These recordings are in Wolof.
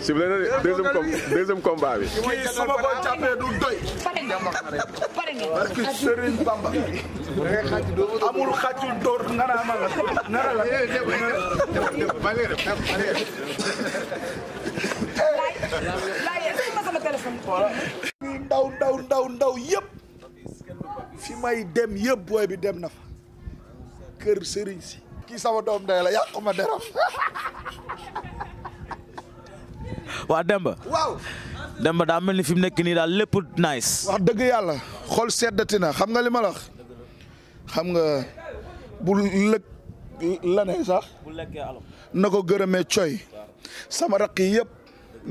ciblé na de deuxième com deuxième combat bi. kii su ma ko jàppee du doy. pare ngeen parce que Serigne Bamba. amul xàccu dóor nana ma la nana la. ndaw ndaw ndaw ndaw yëpp fi may dem yëpp booy bi dem na fa kër Serigne si. kii sama doom day la yàqu ma deram waa Demba. Demba daa mel ni fi mu nekk nii daal lépp nice. dëgg yàlla xol seddati na xam nga li ma la wax xam nga bu lëkk la sax na ko gërëme coy sama raq yi yëpp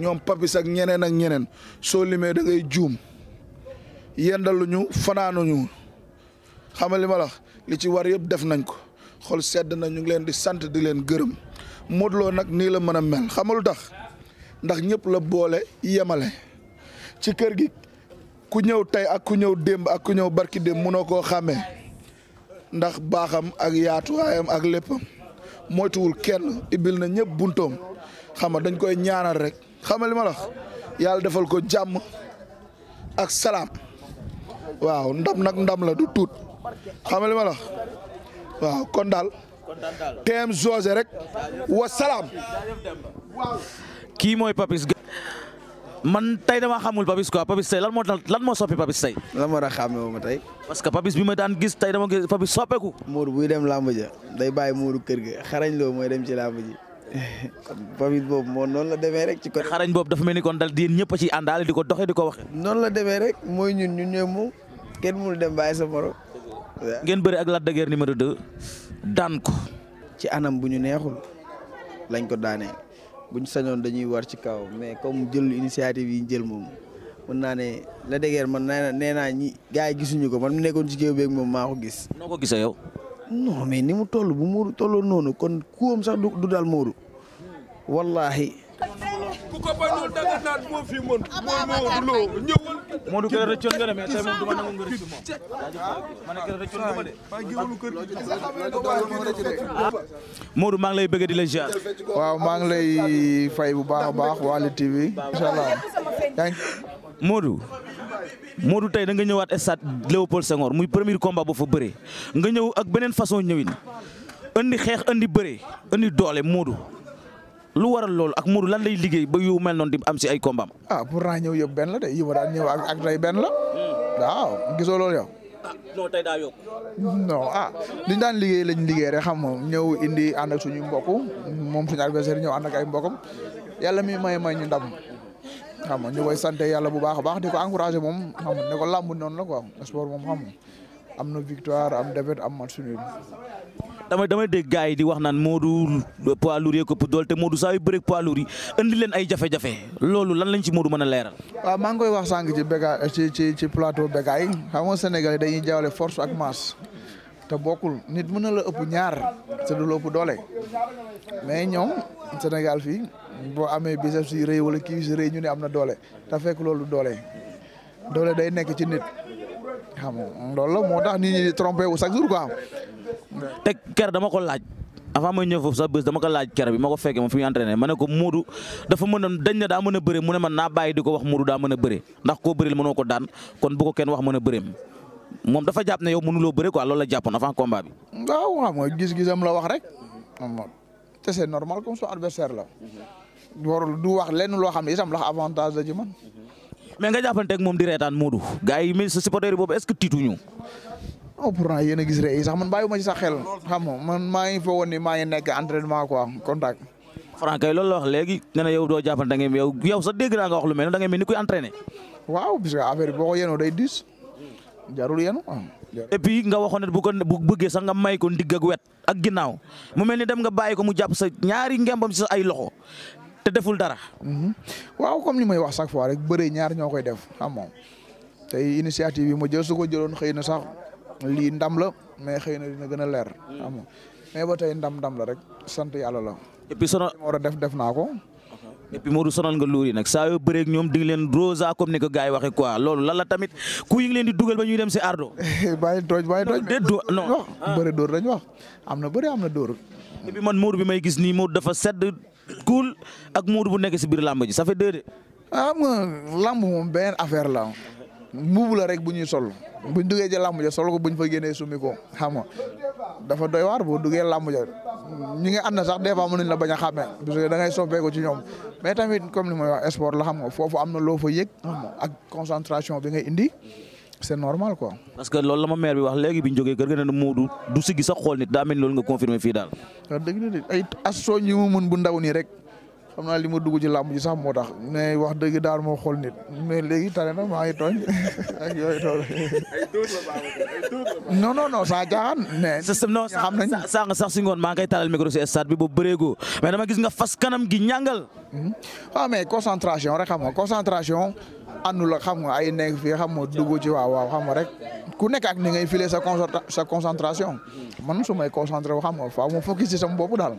ñoom papis ak ñeneen ak ñeneen soo limee da juum yendaluñu fanaanuñu xam nga li li ci war yëpp def nañ ko xol sedd na ñu ngi leen di sant di leen gërëm Modou Lo nag nii la mën a mel xam lu tax ndax ñëpp la boole yemale ci kër gi ku ñëw tey ak ku ñëw démb ak ku ñëw barki démb mënoo koo xàmmee ndax baaxam ak yaatuwaayam ak léppam moytuwul kenn ibil na ñëpp buntoom xam nga dañ koy ñaanal rek xam nga li yàlla defal ko jàmm ak salaam waaw ndam nag ndam la du tuut xam nga waaw kon daal teem jose rek wa kii mooy Papis man tey dama xamul Papis quoi Papis tey lan moo lan moo soppi Papis tey. lan moo a xàmme wu ma tey. parce que Papis bi ma daan gis tey dama gis Papis soppeeku. Mour buy dem làmb ja day bàyyi Mour kër ga xarañ loo mooy dem ci làmb ji Papis boobu moo noonu la demee rek. ci côté xarañ boobu dafa mel ni kon dal di yéen ñëpp ci ciy àndaale di ko doxee di ko waxe noon la demee rek mooy ñun ñun ñooy moom kenn mënul dem bàyyi sa ngeen bëri ak la de Guiers numéro 2 daan ko. ci anam bu ñu neexul lañ ko daanee buñ sañoon dañuy war ci kaw mais comme jël initiative yi jël moom mën naa ne Lac de Guiers man nee naa ñi gars yi gisuñu ko man mu nekkoon ci géew beeg moom maa ko gis. noo ko gisee yow. non mais ni mu toll bu mu tolloon noonu kon kuwam sax du dal Modou wallaahi. ku ko bañul du ma maa ngi lay bëgg di la ziar. waaw maa ngi lay fay bu baax a baax waa Lutte TV. incha allah. Modou. Modou tey da nga ñëwaat stade Léopold Senghor muy premier combat boo fa bëree nga ñëw ak beneen façon ñëwin andi xeex andi bëree andi doole Modou. lu waral loolu ak Modou lan lay liggéey ba yu mel noonu di am si ay kombaam. ah pour naa ñëw yëpp benn la de yi ma daan ñëw ak tey benn la. waaw gisoo loolu yow. ah non tey daa ah, daan liggéey lañ liggéey rek xam nga ñëw indi ànd suñu mbokk moom suñu adversaire ñëw ànd ak ay mbokkam yàlla mi may may ñu ndam. xam nga ñu koy sant yàlla bu baax a baax di ko encouragé moom xam nga ne ko làmb noonu la ko sport moom xam am na victoire am défaite am match nul. damay damay dégg yi di wax naan Modou poids lourd yee ko ëpp doole te Modou saa yu bëreeg poids lourd yi andi leen ay jafe-jafe loolu lan lañ ci Modou mën a leeral. waaw maa ngi koy wax sànq ci béga ci ci ci plateau béga yi xam nga dañuy jaawale force ak masse te bokkul nit mën na la ëpp ñaar te du la doole mais ñoom Sénégal fii boo amee biceps si rëy wala kii si ñu ne am na doole te fekk loolu doole doole day nekk ci nit. xam loolu la moo tax nit ñi di trompé wu chaque jour quoi. te ker dama ko laaj avant may ñëw foofu sax bés dama ko laaj ker bi ma ko fekkee ma fi ñu ma ne ko Modou dafa mën a dañ na daa mën a bëre mu ne man naa bàyyi di ko wax Modou daa mën a bëre ndax koo bëril mënoo ko daan kon bu ko kenn wax mën a bëreem moom dafa jàpp na yow mënuloo bëre ko loolu la jàppoon avant combat bi. waaw xam nga gis-gisam la wax rek. te c'est normal comme son adversaire la. du wax mais nga jàppanteeg moom di reetaan Modou gars yi ministre supporter boobu est-ce que tiituñu. non oh, pourtant yéen a gis rek sax man bàyyiwuma ci sax xel xam nga man maa ngi fa maa ngi nekk entraînement quoi contact. Franck kay loolu la yow doo jàppante da nga wax lu mel ne da ngeen mel ni kuy entraîné. waaw parce que affaire bi boo ko yénoo day diis jarul yéen et puis nga waxoon ne bu ko bu bëggee sax nga may ko ndigg ak wet a ginnaaw mu mel ni dem nga bàyyi ko mu jàpp sa ñaari ngembam ci sa ay loxo te deful dara. Mhm. waaw comme li may wax chaque fois rek bëre ñaar ñoo koy def xam moom tey initiative yi ma jël su ko jëloon xëy na sax lii ndam la mais xëy na dina gën a leer. xam nga mais ba tey ndam ndam la rek sante yàlla la. et puis sonal war def def naa ko. et puis Modou sonal nga luur yi nag saa yoo bëree ñoom di leen rosa comme ni ko gars yi waxee quoi loolu lan la tamit ku yi leen di dugal ba ñuy dem si ardo bàyyi tooj bàyyi tooj non wax ah. bëri dóor lañ wax am na bëri am na dóor et man Modou bi may gis nii Modou dafa sedd ak Modou bu nekk si biir làmb ji ça fait deux de. ah man làmb benn affaire la mbubu la rek bu ñuy sol bu duggee ci làmb ja sol ko buñ fa génnee summi ko xam nga dafa doy waar boo duggee làmb ja ñi nga ànd na sax des fois mën la bañ a xàmmee parce que da ngay soppeeku ci ñoom mais tamit comme ni may wax sport la xam nga foofu am na loo fa yëg ak concentration bi ngay indi c'est normal quoi. parce que lool la ma maire bi wax léegi bi ñu jógee kër ga ne Modou du siggi sax xool nit loolu nga confirmé fii daal. soo ñu mun bu ndaw nii rek. xam naa li ma dugg ci làmb ji sax moo tax mais wax dëgg daal moo xool nit mais léegi tane na maa ngi tooñ ak yooyu tool non non non saa jaaxaan mais non xam nañ saa sax si ngoon maa ngi koy taalal micro si stade bi boobu bëreegoo mais dama gis nga fas kanam gi ñàngal waaw hmm? ah, mais concentration rek xam nga concentration àndu la xam nga ay nekk fii xam nga dugg ci waaw waaw xam nga rek ku nekk ak ni ngay file sa sa concentration man su may concentré wu xam nga faaw ma focus ci sama bopp daal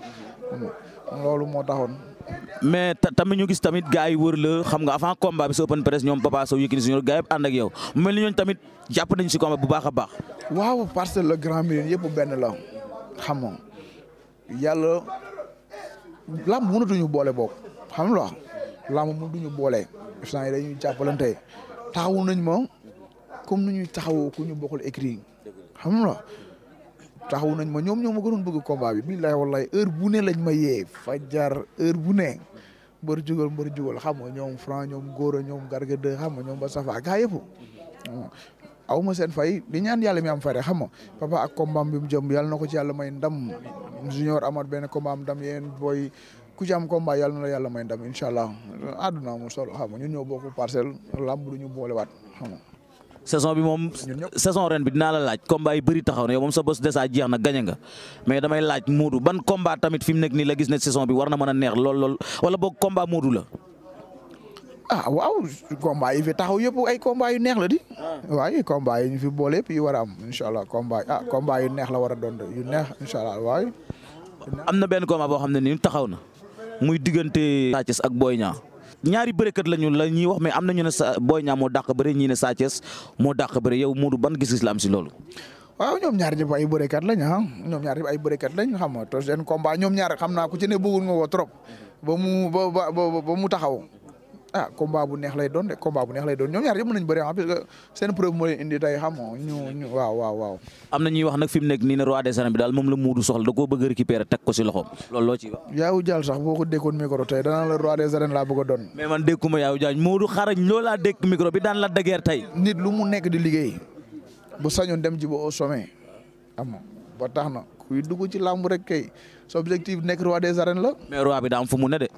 hmm, loolu moo taxoon mais tamit ñu gis tamit gars yi wër la xam avant combat bi si open press ñoom Papa Sow Yékini Junior gars yëpp ànd ak yow mel tamit jàpp nañu si combat bu baax a baax. waaw parce que le grand milieu yëpp benn la xam nga yàlla làmb mënatuñu boole boog xam nga làmb mënatuñu boole instant yii dañuy jàppalante taxawu nañ ma comme ni ñuy taxawoo ñu bokkul écrit xam nga. taxaw nañ ma ñoom ñoo ma gënoon bëgg combat bi billahi wallahi heure bu ne lañ ma yee fajar heure bu ne mbër jugal mbër jugal xam nga ñoom franc ñoom góora ñoom garga de xam nga ñoom ba safa gaa yëpp aw ma seen fay di ñaan yàlla mi am fare xam nga papa ak combat bi mu jëm yàlla na ko ci yàlla may ndam junior amaat benn combat am ndam booy ku ci am combat yàlla na la yàlla may ndam incha allah àdduna mu sol xam nga ñun ñoo bokk parcelle lamb du ñu boolewaat xam nga saison bi moom saison ren bi dinaa la laaj combat yi bëri taxaw na moom sa bés dèjà jeex na gañe nga mais damay laaj Modou ban combat tamit fi mu nekk nii la gis ne saison bi war na mën a neex lool lool wala boog combat Modou ah waaw combat yi fi taxaw yëpp ay combat yu neex la di. Ah. waaye combat yi ñu fi boole yëpp yi war a am incha allah combat ah combat yu neex la war a doon yu neex incha allah waaye. am na benn combat boo xam ne nii taxaw na muy diggante. Sa Thiès ak Boy Niang ñaari bërekat lañu la ñuy wax mais am nañu ne sa Boy Niang moo dàq bëre ñii ne Sa Thiès moo dàq bëre yow Modou ban gis-gis la am si loolu. waaw ñoom ñaar ñëpp ay bërekat lañ ah ñoom ñaar ñëpp ay bërekat lañ xam nga to seen combat ñoom ñaar xam naa ku ci ne bëggoon nga woo trop ba mu ba ba ba mu taxaw ah combat bu neex lay doon de combat bu neex lay doon ñoom ñaar yëpp mën nañu ah parce que preuve moo indi tey xam ñu waaw waaw waaw. am na ñuy wax nag fi mu nekk nii ne roi des arènes bi daal moom la Modou soxla da koo bëgg a récupérer teg ko si loxoom loolu loo ciy wax. Yaawu Jaal sax boo ko dékkoon micro tey danaa la roi des arènes laa bëgg a doon. man dékkuma Yaawu Jaal Modou xarañ loo laa dékk micro bi daan la dageer tey. nit lu mu nekk di liggéey bu sañoon dem ji o au sommet am ba tax na kuy dugg ci làmb rek kay sa objectif nekk roi des la. mais roi bi daa am fu mu de.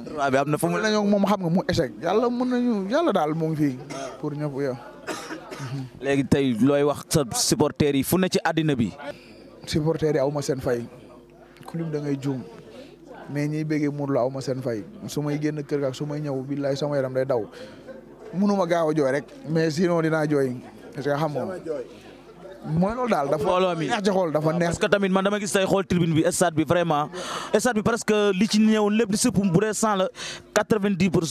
tournoi bi am na fu mu. nañoo moom xam nga mu échec yàlla mën nañu yàlla daal mu ngi fii pour ñëpp yo léegi tey looy wax sa supporters yi fu ne ci àddina bi. supporters aw ma seen fay. ku lim da ngay juum mais ñiy béggee Modou Lo aw ma seen fay su may génn kër ga ak su may ñëw billaay sama yaram day daw mënuma gaaw a jooy rek mais sinon dinaa jooy parce que xam nga mooy loolu daal dafa neex ci xool dafa neex. parce que tamit man dama gis tey xool tribune bi stade bi vraiment stade bi presque li ci ñëwoon lépp di sëpp bu dee cent la quatre vingt pour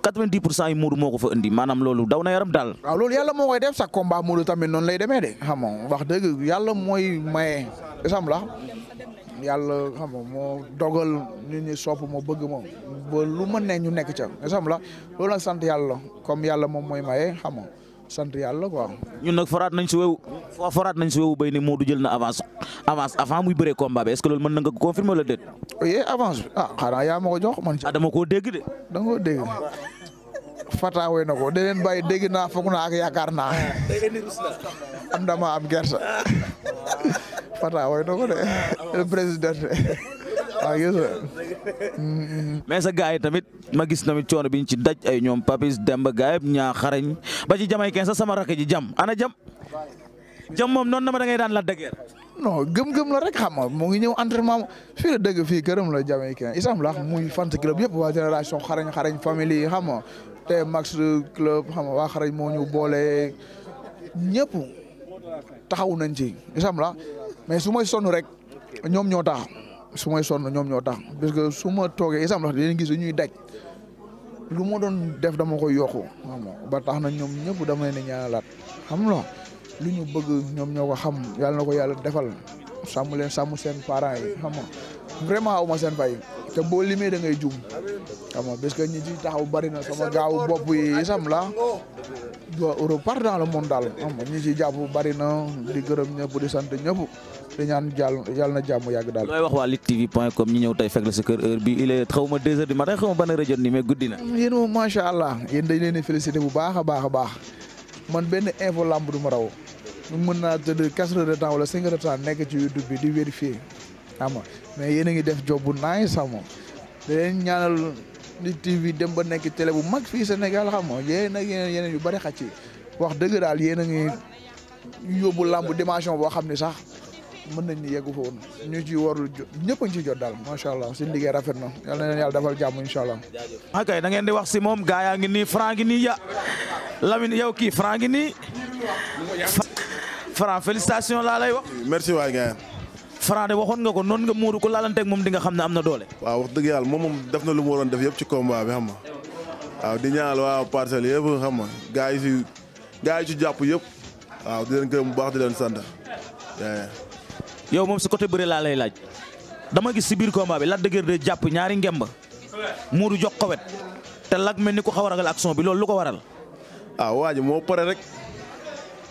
quatre yi Modou moo ko fa indi maanaam loolu daw na yaram daal. waaw loolu yàlla moo koy def sax combat Modou tamit noonu lay demee mooy maye isam la yàlla xam moo dogal nit ñi sopp moo bëgg moom ba lu mën ne ñu nekk ca isam la loolu nag sant yàlla comme yàlla moom mooy maye xam sant yàlla quoi. ñun nag foraat nañ si wewu foraat nañ si wewu béy ni Modou jël na avance avance avant muy bëree combat bi que loolu mën na ko confirmer wala déet. oui avance bi ah xanaa ko jox man. ah dama de. da nga koo dégg Fata wey na ko de leen bàyyi dégg naa foog naa ak am dama am gerte Fata wey ko de le président. waaw ah, gis sa gars yi tamit ma gis tamit coono bi ñu ci daj ay ñoom Papis Demba gaayab ñaa xarañ ba ci jamaay kenn sax sama rakk ji jam ana jam jam moom noonu na ma da ngay daan la dëgër. non gëm-gëm la rek xam nga mu ngi ñëw entraînement fii la dëgg fii këram la jamaay kenn isam la muy fan club yëpp waa génération xarañ xarañ famille yi xam te max club xam nga waa xarañ moo ñu boole ñëpp taxaw nañ ci isam la mais su may sonn rek ñoom ñoo tax. su may sonn ñoom ñoo tax parce que su ma toogee isam la dinañ gis ñuy daj lu ma doon def dama ko yokku xam ba tax na ñoom ñëpp dama leen laat xam nga lu ñu bëgg ñoom ñoo ko xam yàlla na ko yàlla defal sàmm leen sàmm seen parents yi xam a vraiment aw ma seen fay te boo limee da ngay jum xam nga parce que ñi ci taxaw bari na sama gaawu bopp yi isam la ba Europe par dans le monde daal xam nga ñi ci jàpp bari na di gërëm ñëpp di sant ñëpp di ñaan jàll yàlla na jàmm yàgg daal. looy wax waa Lutte la sa kër heure du matin di félicité bu a ma raw mën naa de temps wala cinq heures de temps nekk a ñaanal Lutte TV dem ba nekk télé bu mag fii Sénégal xam nga yéen ak yeneen yu bari xaj ci wax dëgg daal yéen a ngi yóbbu làmb dimension boo xam ne sax mën nañ ni yeggu fa woon ñu ci warul jot ñëpp a ci jot daal macha allah si liggéey rafet na yal na leen yàlla defal jàmm incha allah. ok da ngeen di wax si moom gaa yaa ngi nii Franc ngi nii ya Lamine yow kii Franc ngi nii félicitation laa lay wax. merci waay gars Franc waxoon nga ko noonu nga Modou ko laalanteeg moom di nga xam ne am na doole. waaw wax dëgg yàlla moom moom def na lu mu waroon def yëpp ci combat bi xam nga waaw di ñaanal waa parcelle yëpp jàpp yëpp waaw di leen gërëm bu baax di leen sant. yow moom si côté bëre laalay lay laaj dama gis si biir combat bi Lac de Guiers jàpp ñaari ngemba Modou jox ko te Lac mel ni ku xaw a ragal bi loolu lu ko waral. ah waa ji moo pare rek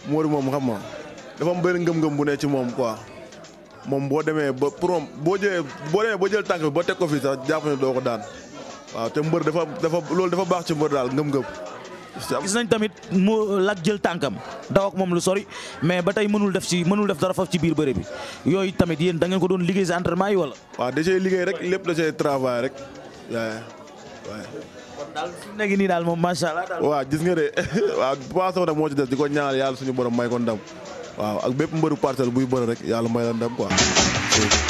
Modou moom xam nga dafa am benn ngëm-ngëm bu ne ci moom quoi. moom boo demee ba pour boo jëlee boo demee jël tànk bi ba teg ko fii sax jàpp ne doo ko daan waaw te mbër dafa dafa loolu dafa baax ci mbër daal ngëm-ngëm. gis nañ tamit mu lak jël tànkam daw ak moom lu sori mais ba tey mënul def ci mënul def dara foofu ci biir bëre bi yooyu tamit yéen dangeen ko doon liggéey si entraînement yi wala. waaw da cee liggéey rek lépp da cee travail rek waaye waaye. nii daal moom macha allah. waaw gis nga de waaw bu baax nag moo ci des di ko ñaanal yàlla suñu borom may ko ndam. waaw ak bépp mbëru parcelle buy bëri rek yàlla may la ndam quoi.